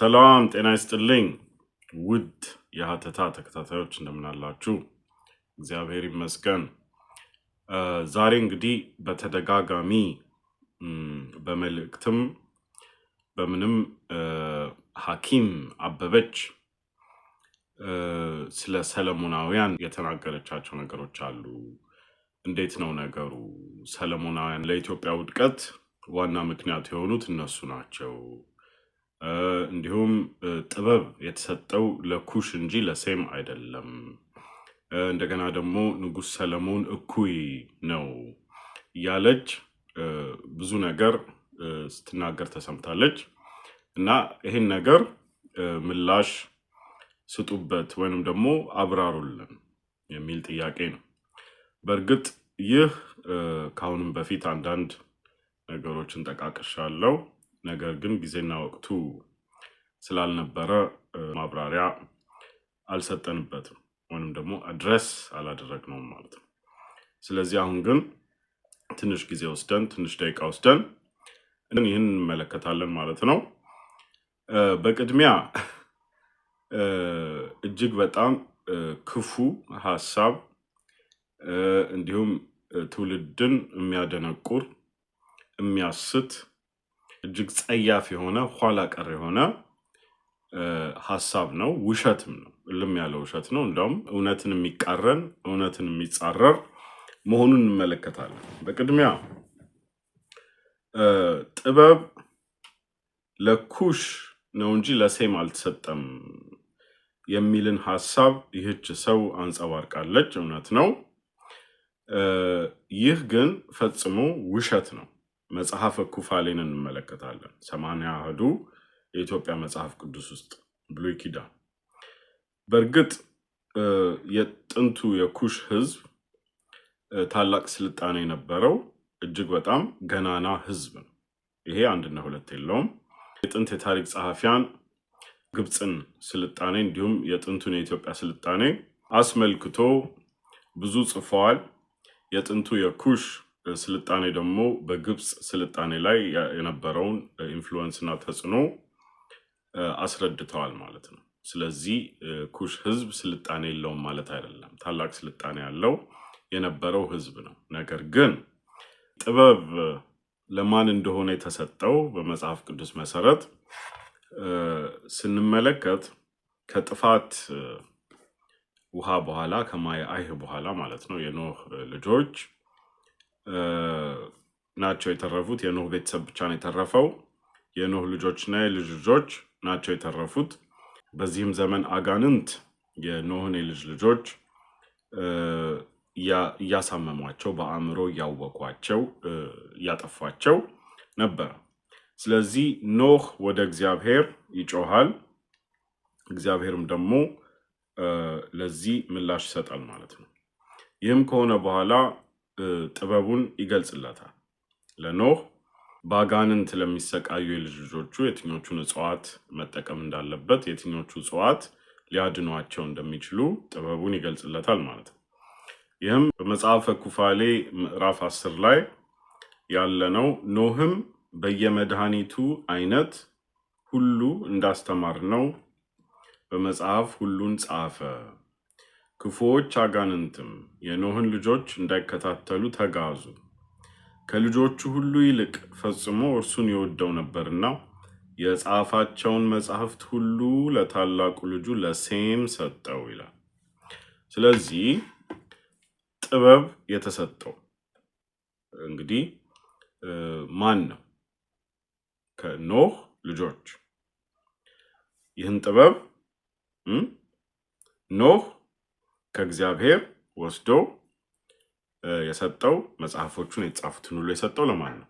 ሰላም ጤና ይስጥልኝ። ውድ የሀተታ ተከታታዮች እንደምናላችሁ፣ እግዚአብሔር ይመስገን። ዛሬ እንግዲህ በተደጋጋሚ በመልእክትም በምንም ሐኪም አበበች ስለ ሰለሞናውያን የተናገረቻቸው ነገሮች አሉ። እንዴት ነው ነገሩ? ሰለሞናውያን ለኢትዮጵያ ውድቀት ዋና ምክንያት የሆኑት እነሱ ናቸው እንዲሁም ጥበብ የተሰጠው ለኩሽ እንጂ ለሴም አይደለም። እንደገና ደግሞ ንጉሥ ሰለሞን እኩይ ነው እያለች ብዙ ነገር ስትናገር ተሰምታለች። እና ይህን ነገር ምላሽ ስጡበት ወይንም ደግሞ አብራሩልን የሚል ጥያቄ ነው። በእርግጥ ይህ ከአሁንም በፊት አንዳንድ ነገሮችን ጠቃቅሻለሁ። ነገር ግን ጊዜና ወቅቱ ስላልነበረ ማብራሪያ አልሰጠንበትም ወይም ደግሞ አድረስ አላደረግነውም ማለት ነው። ስለዚህ አሁን ግን ትንሽ ጊዜ ወስደን ትንሽ ደቂቃ ወስደን ይህን እንመለከታለን ማለት ነው። በቅድሚያ እጅግ በጣም ክፉ ሀሳብ እንዲሁም ትውልድን የሚያደነቁር የሚያስት እጅግ ጸያፍ የሆነ ኋላ ቀር የሆነ ሀሳብ ነው፣ ውሸትም ነው፣ እልም ያለ ውሸት ነው። እንዲያውም እውነትን የሚቃረን እውነትን የሚጻረር መሆኑን እንመለከታለን። በቅድሚያ ጥበብ ለኩሽ ነው እንጂ ለሴም አልተሰጠም የሚልን ሀሳብ ይህች ሰው አንጸባርቃለች። እውነት ነው። ይህ ግን ፈጽሞ ውሸት ነው። መጽሐፈ ኩፋሌን እንመለከታለን። ሰማንያ አሐዱ የኢትዮጵያ መጽሐፍ ቅዱስ ውስጥ ብሉይ ኪዳን። በእርግጥ የጥንቱ የኩሽ ህዝብ ታላቅ ስልጣኔ የነበረው እጅግ በጣም ገናና ህዝብ ነው። ይሄ አንድና ሁለት የለውም። የጥንት የታሪክ ጸሐፊያን ግብፅን ስልጣኔ እንዲሁም የጥንቱን የኢትዮጵያ ስልጣኔ አስመልክቶ ብዙ ጽፈዋል። የጥንቱ የኩሽ ስልጣኔ ደግሞ በግብፅ ስልጣኔ ላይ የነበረውን ኢንፍሉወንስና ተጽዕኖ አስረድተዋል ማለት ነው። ስለዚህ ኩሽ ህዝብ ስልጣኔ የለውም ማለት አይደለም። ታላቅ ስልጣኔ ያለው የነበረው ህዝብ ነው። ነገር ግን ጥበብ ለማን እንደሆነ የተሰጠው በመጽሐፍ ቅዱስ መሰረት ስንመለከት ከጥፋት ውሃ በኋላ ከማየ አይህ በኋላ ማለት ነው የኖህ ልጆች ናቸው የተረፉት። የኖህ ቤተሰብ ብቻ ነው የተረፈው። የኖህ ልጆችና የልጅ ልጆች ናቸው የተረፉት። በዚህም ዘመን አጋንንት የኖህን የልጅ ልጆች እያሳመሟቸው፣ በአእምሮ እያወቋቸው፣ እያጠፏቸው ነበር። ስለዚህ ኖህ ወደ እግዚአብሔር ይጮሃል፣ እግዚአብሔርም ደግሞ ለዚህ ምላሽ ይሰጣል ማለት ነው። ይህም ከሆነ በኋላ ጥበቡን ይገልጽለታል። ለኖህ በአጋንንት ለሚሰቃዩ የልጅ ልጆቹ የትኞቹን እጽዋት መጠቀም እንዳለበት፣ የትኞቹ እጽዋት ሊያድኗቸው እንደሚችሉ ጥበቡን ይገልጽለታል ማለት ነው። ይህም በመጽሐፈ ኩፋሌ ምዕራፍ አስር ላይ ያለ ነው። ኖህም በየመድኃኒቱ አይነት ሁሉ እንዳስተማር ነው በመጽሐፍ ሁሉን ጻፈ። ክፉዎች አጋንንትም የኖህን ልጆች እንዳይከታተሉ ተጋዙ። ከልጆቹ ሁሉ ይልቅ ፈጽሞ እርሱን የወደው ነበርና የጻፋቸውን መጻሕፍት ሁሉ ለታላቁ ልጁ ለሴም ሰጠው ይላል። ስለዚህ ጥበብ የተሰጠው እንግዲህ ማን ነው? ከኖህ ልጆች ይህን ጥበብ ኖህ ከእግዚአብሔር ወስዶ የሰጠው መጽሐፎቹን የተጻፉትን ሁሉ የሰጠው ለማን ነው?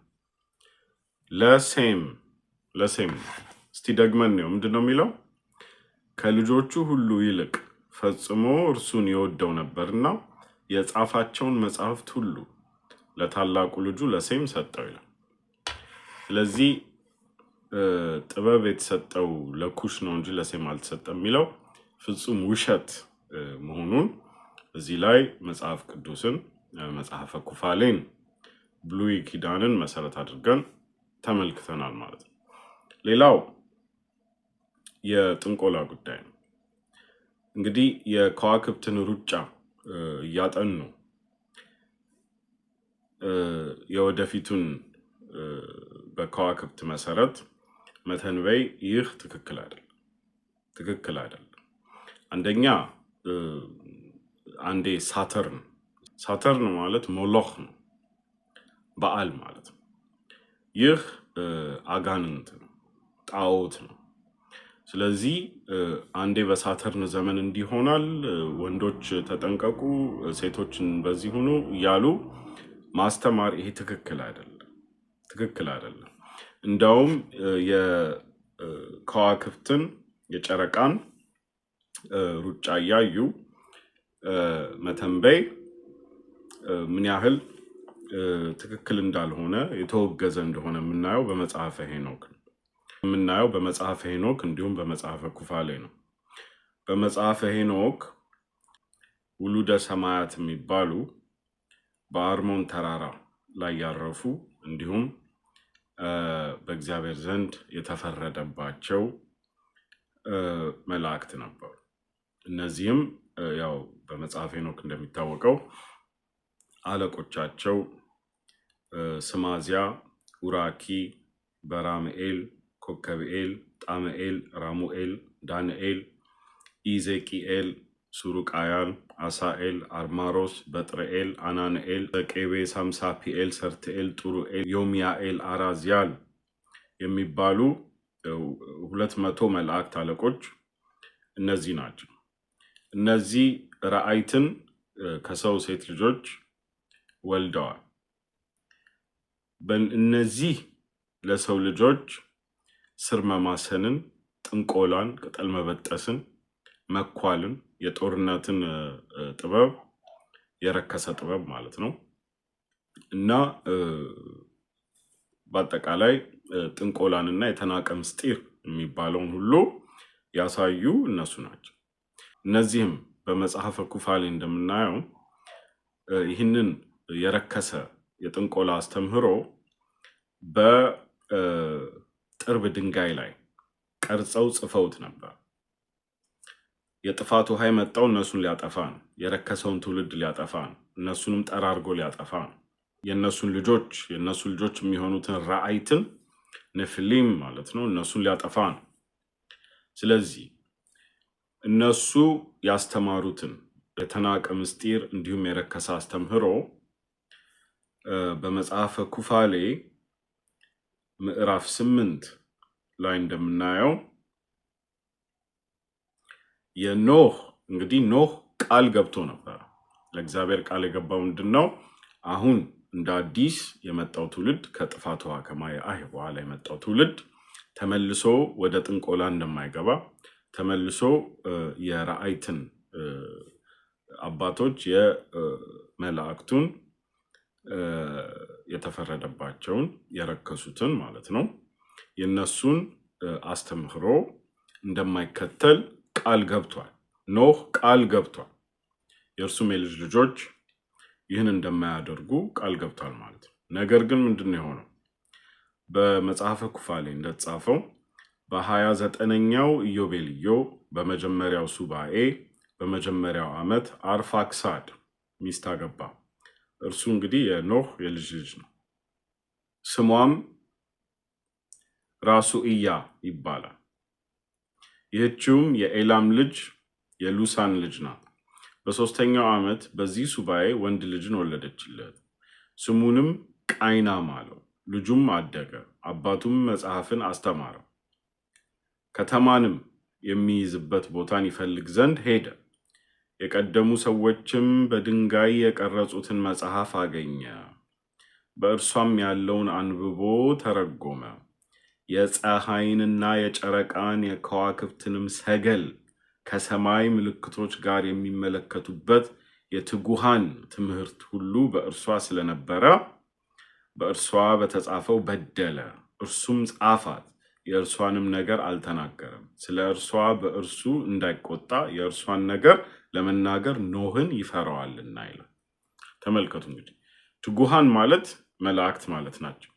ለሴም ለሴም እስቲ ደግመን ነው ምንድን ነው የሚለው? ከልጆቹ ሁሉ ይልቅ ፈጽሞ እርሱን የወደው ነበርና የጻፋቸውን መጽሐፍት ሁሉ ለታላቁ ልጁ ለሴም ሰጠው ይላል። ስለዚህ ጥበብ የተሰጠው ለኩሽ ነው እንጂ ለሴም አልተሰጠም የሚለው ፍጹም ውሸት መሆኑን እዚህ ላይ መጽሐፍ ቅዱስን መጽሐፈ ኩፋሌን ብሉይ ኪዳንን መሰረት አድርገን ተመልክተናል ማለት ነው። ሌላው የጥንቆላ ጉዳይ ነው። እንግዲህ የከዋክብትን ሩጫ እያጠኑ የወደፊቱን በከዋክብት መሰረት መተንበይ ይህ ትክክል አይደለም፣ ትክክል አይደለም። አንደኛ አንዴ ሳተርን ሳተርን ማለት ሞሎህ ነው፣ በዓል ማለት ነው። ይህ አጋንንት ነው፣ ጣዖት ነው። ስለዚህ አንዴ በሳተርን ዘመን እንዲሆናል፣ ወንዶች ተጠንቀቁ፣ ሴቶችን በዚህ ሁኑ እያሉ ማስተማር ይሄ ትክክል አይደለም፣ ትክክል አይደለም። እንዲያውም የከዋክብትን የጨረቃን ሩጫ እያዩ መተንበይ ምን ያህል ትክክል እንዳልሆነ የተወገዘ እንደሆነ የምናየው በመጽሐፈ ሄኖክ ነው የምናየው በመጽሐፈ ሄኖክ እንዲሁም በመጽሐፈ ኩፋሌ ነው። በመጽሐፈ ሄኖክ ውሉደ ሰማያት የሚባሉ በአርሞን ተራራ ላይ ያረፉ እንዲሁም በእግዚአብሔር ዘንድ የተፈረደባቸው መላእክት ነበሩ። እነዚህም ያው በመጽሐፈ ሄኖክ እንደሚታወቀው አለቆቻቸው ስማዚያ፣ ኡራኪ፣ በራምኤል፣ ኮከብኤል፣ ጣምኤል፣ ራሙኤል፣ ዳንኤል፣ ኢዜቂኤል፣ ሱሩቃያል፣ አሳኤል፣ አርማሮስ፣ በጥርኤል፣ አናንኤል፣ ዘቄቤ፣ ሳምሳፒኤል፣ ሰርትኤል፣ ጡሩኤል፣ ዮሚያኤል፣ አራዚያል የሚባሉ ሁለት መቶ መላእክት አለቆች እነዚህ ናቸው። እነዚህ ራአይትን ከሰው ሴት ልጆች ወልደዋል። እነዚህ ለሰው ልጆች ስር መማሰንን፣ ጥንቆላን፣ ቅጠል መበጠስን፣ መኳልን፣ የጦርነትን ጥበብ የረከሰ ጥበብ ማለት ነው እና በአጠቃላይ ጥንቆላንና የተናቀ ምስጢር የሚባለውን ሁሉ ያሳዩ እነሱ ናቸው። እነዚህም በመጽሐፈ ኩፋሌ እንደምናየው ይህንን የረከሰ የጥንቆላ አስተምህሮ በጥርብ ድንጋይ ላይ ቀርጸው ጽፈውት ነበር። የጥፋት ውሃ የመጣው እነሱን ሊያጠፋ ነው። የረከሰውን ትውልድ ሊያጠፋ ነው። እነሱንም ጠራርጎ ሊያጠፋ ነው። የእነሱን ልጆች የእነሱ ልጆች የሚሆኑትን ራአይትን ንፍሊም ማለት ነው። እነሱን ሊያጠፋ ነው። ስለዚህ እነሱ ያስተማሩትን የተናቀ ምስጢር እንዲሁም የረከሰ አስተምህሮ በመጽሐፈ ኩፋሌ ምዕራፍ ስምንት ላይ እንደምናየው የኖህ እንግዲህ ኖህ ቃል ገብቶ ነበር። ለእግዚአብሔር ቃል የገባው ምንድን ነው? አሁን እንደ አዲስ የመጣው ትውልድ ከጥፋት ውሃ ከማየ በኋላ የመጣው ትውልድ ተመልሶ ወደ ጥንቆላ እንደማይገባ ተመልሶ የራአይትን አባቶች የመላእክቱን የተፈረደባቸውን የረከሱትን ማለት ነው የነሱን አስተምህሮ እንደማይከተል ቃል ገብቷል። ኖህ ቃል ገብቷል። የእርሱም የልጅ ልጆች ይህን እንደማያደርጉ ቃል ገብቷል ማለት ነው። ነገር ግን ምንድን ነው የሆነው? በመጽሐፈ ኩፋሌ እንደተጻፈው በሀያ ዘጠነኛው ኢዮቤልዮ በመጀመሪያው ሱባኤ በመጀመሪያው ዓመት አርፋክሳድ ሚስት አገባ። እርሱ እንግዲህ የኖህ የልጅ ልጅ ነው። ስሟም ራሱኢያ ይባላል። ይህችውም የኤላም ልጅ የሉሳን ልጅ ናት። በሶስተኛው ዓመት በዚህ ሱባኤ ወንድ ልጅን ወለደችለት። ስሙንም ቃይናም አለው። ልጁም አደገ፣ አባቱም መጽሐፍን አስተማረው። ከተማንም የሚይዝበት ቦታን ይፈልግ ዘንድ ሄደ። የቀደሙ ሰዎችም በድንጋይ የቀረጹትን መጽሐፍ አገኘ። በእርሷም ያለውን አንብቦ ተረጎመ። የፀሐይንና የጨረቃን የከዋክብትንም ሰገል ከሰማይ ምልክቶች ጋር የሚመለከቱበት የትጉሃን ትምህርት ሁሉ በእርሷ ስለነበረ በእርሷ በተጻፈው በደለ። እርሱም ጻፋት የእርሷንም ነገር አልተናገረም። ስለ እርሷ በእርሱ እንዳይቆጣ የእርሷን ነገር ለመናገር ኖህን ይፈራዋልና ይላል። ተመልከቱ እንግዲህ ትጉሃን ማለት መላእክት ማለት ናቸው።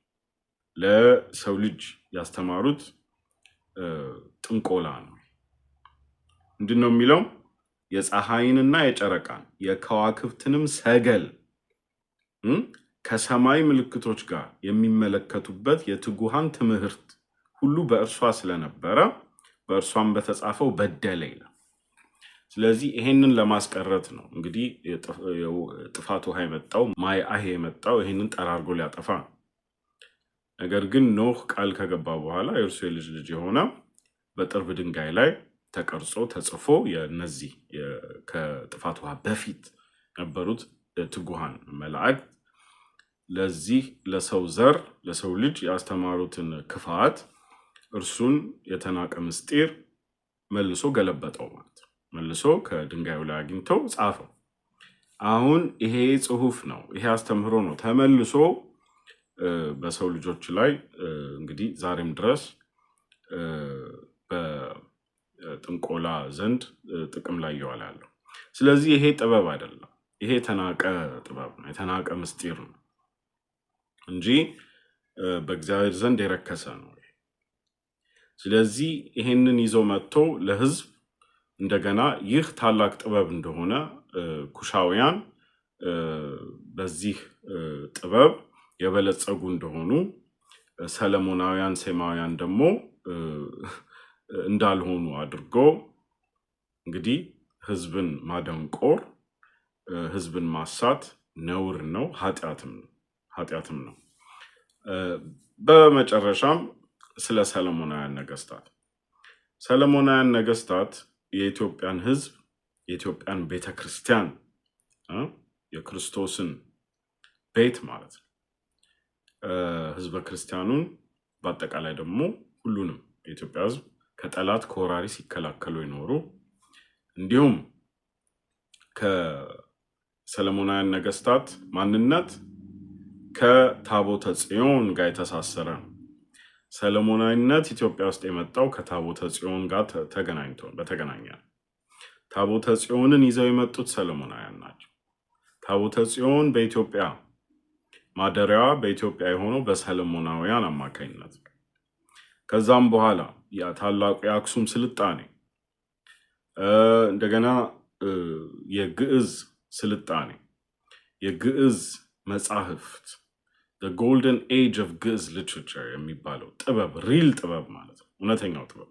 ለሰው ልጅ ያስተማሩት ጥንቆላ ነው። ምንድን ነው የሚለው? የፀሐይንና የጨረቃን የከዋክብትንም ሰገል ከሰማይ ምልክቶች ጋር የሚመለከቱበት የትጉሃን ትምህርት ሁሉ በእርሷ ስለነበረ በእርሷም በተጻፈው በደለ ይላል። ስለዚህ ይሄንን ለማስቀረት ነው እንግዲህ ጥፋት ውሃ የመጣው ማይ አህ የመጣው ይሄንን ጠራርጎ ሊያጠፋ ነው። ነገር ግን ኖህ ቃል ከገባ በኋላ የእርሱ የልጅ ልጅ የሆነ በጥርብ ድንጋይ ላይ ተቀርጾ ተጽፎ የነዚህ ከጥፋት ውሃ በፊት ነበሩት ትጉሃን መላእክት ለዚህ ለሰው ዘር ለሰው ልጅ ያስተማሩትን ክፋት እርሱን የተናቀ ምስጢር መልሶ ገለበጠው ማለት ነው። መልሶ ከድንጋዩ ላይ አግኝተው ጻፈው። አሁን ይሄ ጽሁፍ ነው፣ ይሄ አስተምህሮ ነው ተመልሶ በሰው ልጆች ላይ እንግዲህ ዛሬም ድረስ በጥንቆላ ዘንድ ጥቅም ላይ ያለው። ስለዚህ ይሄ ጥበብ አይደለም፣ ይሄ የተናቀ ጥበብ ነው፣ የተናቀ ምስጢር ነው እንጂ በእግዚአብሔር ዘንድ የረከሰ ነው። ስለዚህ ይሄንን ይዞ መጥቶ ለህዝብ እንደገና ይህ ታላቅ ጥበብ እንደሆነ ኩሻውያን በዚህ ጥበብ የበለጸጉ እንደሆኑ፣ ሰለሞናውያን፣ ሴማውያን ደግሞ እንዳልሆኑ አድርጎ እንግዲህ ህዝብን ማደንቆር፣ ህዝብን ማሳት ነውር ነው፣ ኃጢአትም ነው። በመጨረሻም ስለ ሰለሞናውያን ነገስታት ሰለሞናውያን ነገስታት የኢትዮጵያን ህዝብ የኢትዮጵያን ቤተ ክርስቲያን የክርስቶስን ቤት ማለት ነው ህዝበ ክርስቲያኑን በአጠቃላይ ደግሞ ሁሉንም የኢትዮጵያ ህዝብ ከጠላት ከወራሪ ሲከላከሉ ይኖሩ እንዲሁም ከሰለሞናውያን ነገስታት ማንነት ከታቦተ ጽዮን ጋር የተሳሰረ ነው። ሰለሞናዊነት ኢትዮጵያ ውስጥ የመጣው ከታቦተ ጽዮን ጋር ተገናኝቶ በተገናኘ ታቦተ ጽዮንን ይዘው የመጡት ሰለሞናውያን ናቸው። ታቦተ ጽዮን በኢትዮጵያ ማደሪያዋ በኢትዮጵያ የሆነው በሰለሞናውያን አማካኝነት ከዛም በኋላ ታላቁ የአክሱም ስልጣኔ እንደገና የግዕዝ ስልጣኔ የግዕዝ መጻሕፍት ጎልደን ኤጅ ኦፍ ግዕዝ ሊትሬቸር የሚባለው ጥበብ ሪል ጥበብ ማለት ነው። እውነተኛው ጥበብ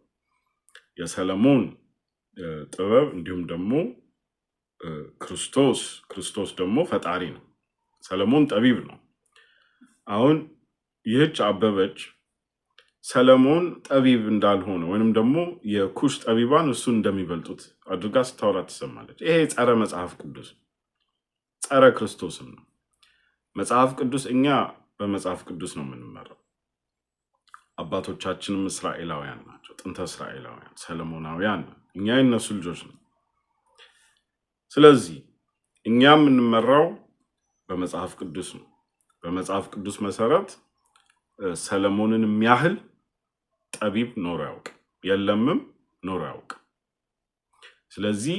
የሰለሞን ጥበብ እንዲሁም ደግሞ ክርስቶስ ክርስቶስ ደግሞ ፈጣሪ ነው። ሰለሞን ጠቢብ ነው። አሁን ይህች አበበች ሰለሞን ጠቢብ እንዳልሆነ ወይንም ደግሞ የኩሽ ጠቢባን እሱን እንደሚበልጡት አድርጋ ስታወራ ትሰማለች። ይሄ ጸረ መጽሐፍ ቅዱስ ጸረ ክርስቶስም ነው። መጽሐፍ ቅዱስ እኛ በመጽሐፍ ቅዱስ ነው የምንመራው። አባቶቻችንም እስራኤላውያን ናቸው፣ ጥንተ እስራኤላውያን ሰለሞናውያን። እኛ የነሱ ልጆች ነው። ስለዚህ እኛ የምንመራው በመጽሐፍ ቅዱስ ነው። በመጽሐፍ ቅዱስ መሰረት ሰለሞንን የሚያህል ጠቢብ ኖሮ ያውቅ የለምም፣ ኖሮ ያውቅ። ስለዚህ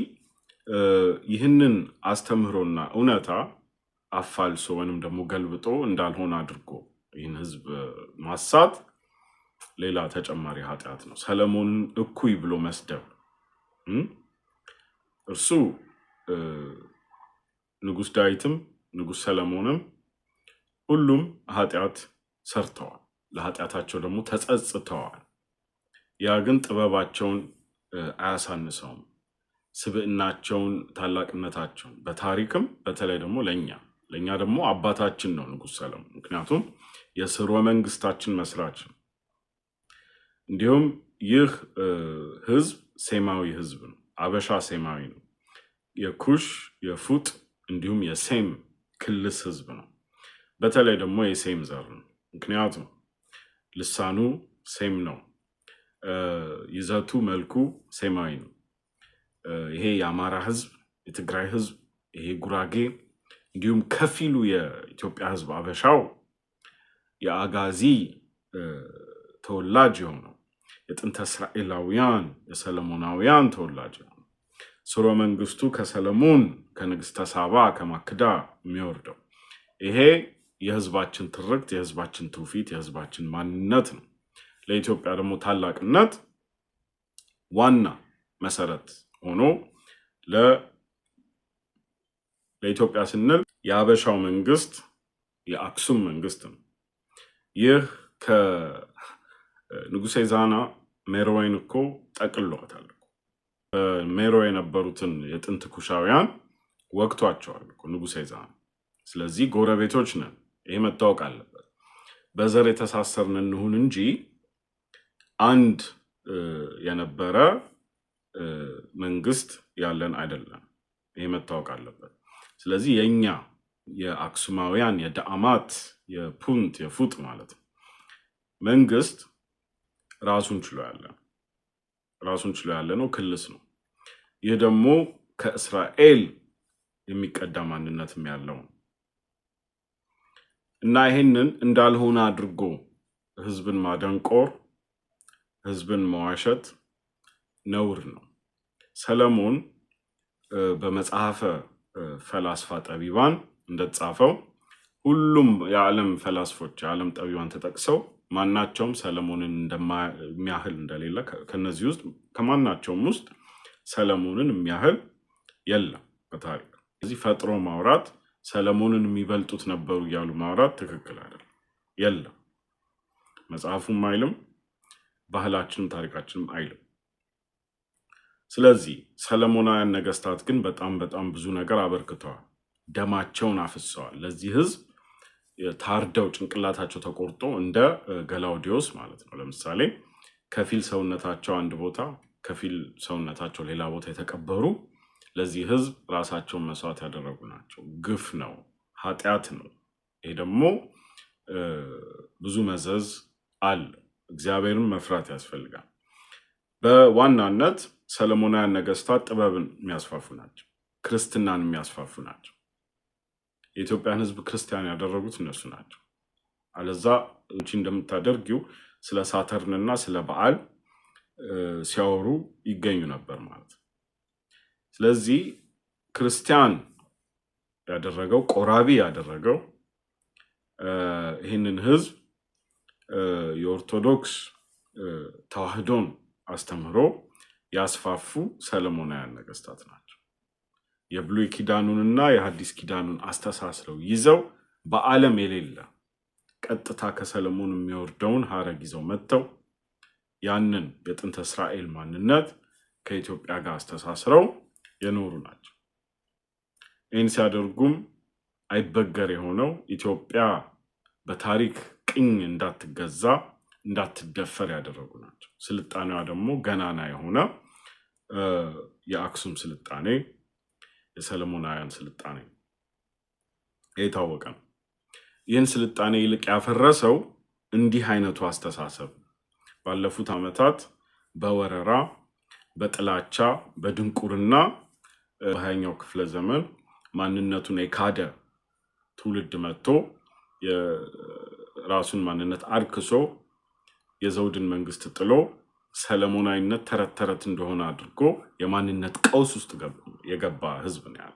ይህንን አስተምህሮና እውነታ አፋልሶ ወይም ደግሞ ገልብጦ እንዳልሆነ አድርጎ ይህን ህዝብ ማሳት ሌላ ተጨማሪ ኃጢአት ነው። ሰለሞን እኩይ ብሎ መስደብ እርሱ ንጉስ ዳዊትም ንጉስ ሰለሞንም ሁሉም ኃጢአት ሰርተዋል፣ ለኃጢአታቸው ደግሞ ተጸጽተዋል። ያ ግን ጥበባቸውን አያሳንሰውም፣ ስብዕናቸውን፣ ታላቅነታቸውን በታሪክም በተለይ ደግሞ ለእኛ ለእኛ ደግሞ አባታችን ነው ንጉሥ ሰለሞን። ምክንያቱም የስርወ መንግስታችን መስራች ነው። እንዲሁም ይህ ህዝብ ሴማዊ ህዝብ ነው። አበሻ ሴማዊ ነው። የኩሽ የፉጥ እንዲሁም የሴም ክልስ ህዝብ ነው። በተለይ ደግሞ የሴም ዘር ነው። ምክንያቱም ልሳኑ ሴም ነው። ይዘቱ መልኩ ሴማዊ ነው። ይሄ የአማራ ህዝብ፣ የትግራይ ህዝብ፣ ይሄ ጉራጌ እንዲሁም ከፊሉ የኢትዮጵያ ሕዝብ አበሻው የአጋዚ ተወላጅ የሆነው የጥንተ እስራኤላውያን የሰለሞናውያን ተወላጅ ነው። ስሮ መንግስቱ ከሰለሞን ከንግስተ ሳባ ከማክዳ የሚወርደው ይሄ የህዝባችን ትርክት፣ የህዝባችን ትውፊት፣ የህዝባችን ማንነት ነው። ለኢትዮጵያ ደግሞ ታላቅነት ዋና መሰረት ሆኖ ለኢትዮጵያ ስንል የአበሻው መንግስት የአክሱም መንግስት ነው። ይህ ከንጉሴ ዛና ሜሮዌን እኮ ጠቅልሏታል። ሜሮ የነበሩትን የጥንት ኩሻውያን ወቅቷቸዋል ንጉሴ ዛና። ስለዚህ ጎረቤቶች ነን፣ ይህ መታወቅ አለበት። በዘር የተሳሰርን እንሁን እንጂ አንድ የነበረ መንግስት ያለን አይደለም። ይህ መታወቅ አለበት። ስለዚህ የእኛ የአክሱማውያን የዳአማት የፑንት የፉጥ ማለት ነው መንግስት ራሱን ችሎ ያለ ራሱን ችሎ ያለ ነው፣ ክልስ ነው። ይህ ደግሞ ከእስራኤል የሚቀዳ ማንነትም ያለው ነው እና ይህንን እንዳልሆነ አድርጎ ህዝብን ማደንቆር፣ ህዝብን መዋሸት ነውር ነው። ሰለሞን በመጽሐፈ ፈላስፋ ጠቢባን እንደተጻፈው ሁሉም የዓለም ፈላስፎች የዓለም ጠቢባን ተጠቅሰው ማናቸውም ሰለሞንን የሚያህል እንደሌለ ከነዚህ ውስጥ ከማናቸውም ውስጥ ሰለሞንን የሚያህል የለም በታሪክ። እዚህ ፈጥሮ ማውራት ሰለሞንን የሚበልጡት ነበሩ እያሉ ማውራት ትክክል አይደለም። የለም መጽሐፉም አይልም፣ ባህላችንም ታሪካችንም አይልም። ስለዚህ ሰለሞናውያን ነገስታት ግን በጣም በጣም ብዙ ነገር አበርክተዋል። ደማቸውን አፍሰዋል ለዚህ ህዝብ ታርደው ጭንቅላታቸው ተቆርጦ እንደ ገላውዲዮስ ማለት ነው። ለምሳሌ ከፊል ሰውነታቸው አንድ ቦታ፣ ከፊል ሰውነታቸው ሌላ ቦታ የተቀበሩ ለዚህ ህዝብ ራሳቸውን መስዋዕት ያደረጉ ናቸው። ግፍ ነው፣ ኃጢአት ነው። ይሄ ደግሞ ብዙ መዘዝ አለ። እግዚአብሔርን መፍራት ያስፈልጋል በዋናነት ሰለሞናውያን ነገስታት ጥበብን የሚያስፋፉ ናቸው፣ ክርስትናን የሚያስፋፉ ናቸው። የኢትዮጵያን ህዝብ ክርስቲያን ያደረጉት እነሱ ናቸው። አለዛ እንቺ እንደምታደርጊው ስለ ሳተርን እና ስለ በዓል ሲያወሩ ይገኙ ነበር ማለት ነው። ስለዚህ ክርስቲያን ያደረገው ቆራቢ ያደረገው ይህንን ህዝብ የኦርቶዶክስ ተዋህዶን አስተምህሮ ያስፋፉ ሰለሞናውያን ነገስታት ናቸው። የብሉይ ኪዳኑንና የሐዲስ ኪዳኑን አስተሳስረው ይዘው በዓለም የሌለ ቀጥታ ከሰለሞን የሚወርደውን ሀረግ ይዘው መጥተው ያንን የጥንተ እስራኤል ማንነት ከኢትዮጵያ ጋር አስተሳስረው የኖሩ ናቸው። ይህን ሲያደርጉም አይበገር የሆነው ኢትዮጵያ በታሪክ ቅኝ እንዳትገዛ እንዳትደፈር ያደረጉ ናቸው። ስልጣኔዋ ደግሞ ገናና የሆነ የአክሱም ስልጣኔ፣ የሰለሞናውያን ስልጣኔ የታወቀ ነው። ይህን ስልጣኔ ይልቅ ያፈረሰው እንዲህ አይነቱ አስተሳሰብ ባለፉት ዓመታት በወረራ በጥላቻ በድንቁርና በሃያኛው ክፍለ ዘመን ማንነቱን የካደ ትውልድ መጥቶ የራሱን ማንነት አርክሶ የዘውድን መንግስት ጥሎ ሰለሞናዊነት ተረት ተረት እንደሆነ አድርጎ የማንነት ቀውስ ውስጥ የገባ ህዝብ ነው ያለ።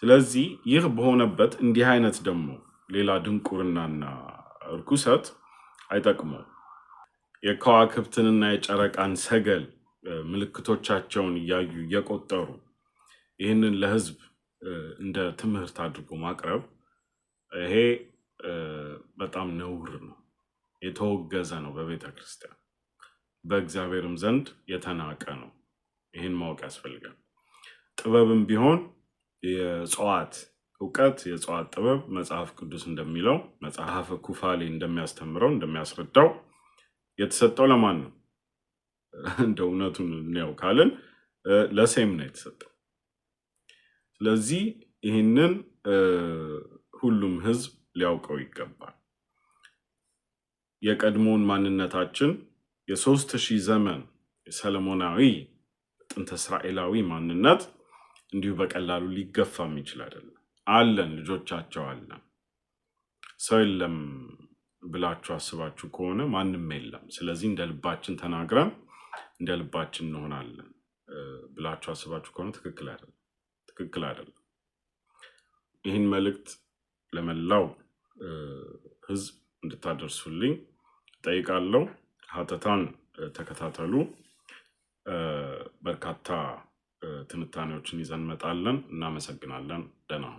ስለዚህ ይህ በሆነበት እንዲህ አይነት ደግሞ ሌላ ድንቁርናና እርኩሰት አይጠቅመውም። የከዋክብትንና የጨረቃን ሰገል ምልክቶቻቸውን እያዩ እየቆጠሩ ይህንን ለህዝብ እንደ ትምህርት አድርጎ ማቅረብ ይሄ በጣም ነውር ነው፣ የተወገዘ ነው በቤተ ክርስቲያን። በእግዚአብሔርም ዘንድ የተናቀ ነው። ይህን ማወቅ ያስፈልጋል። ጥበብም ቢሆን የእጽዋት እውቀት የእጽዋት ጥበብ መጽሐፍ ቅዱስ እንደሚለው መጽሐፈ ኩፋሌ እንደሚያስተምረው እንደሚያስረዳው የተሰጠው ለማን ነው? እንደ እውነቱን ያው ካልን ለሴም ነው የተሰጠው። ስለዚህ ይህንን ሁሉም ሕዝብ ሊያውቀው ይገባል። የቀድሞውን ማንነታችን የሶስት ሺህ ዘመን የሰለሞናዊ ጥንተ እስራኤላዊ ማንነት እንዲሁ በቀላሉ ሊገፋም የሚችል አይደለም። አለን፣ ልጆቻቸው አለን። ሰው የለም ብላችሁ አስባችሁ ከሆነ ማንም የለም። ስለዚህ እንደ ልባችን ተናግረን እንደ ልባችን እንሆናለን ብላችሁ አስባችሁ ከሆነ ትክክል አይደለም፣ ትክክል አይደለም። ይህን መልእክት ለመላው ህዝብ እንድታደርሱልኝ እጠይቃለሁ። ሀተታን ተከታተሉ። በርካታ ትንታኔዎችን ይዘን እንመጣለን። እናመሰግናለን። ደህና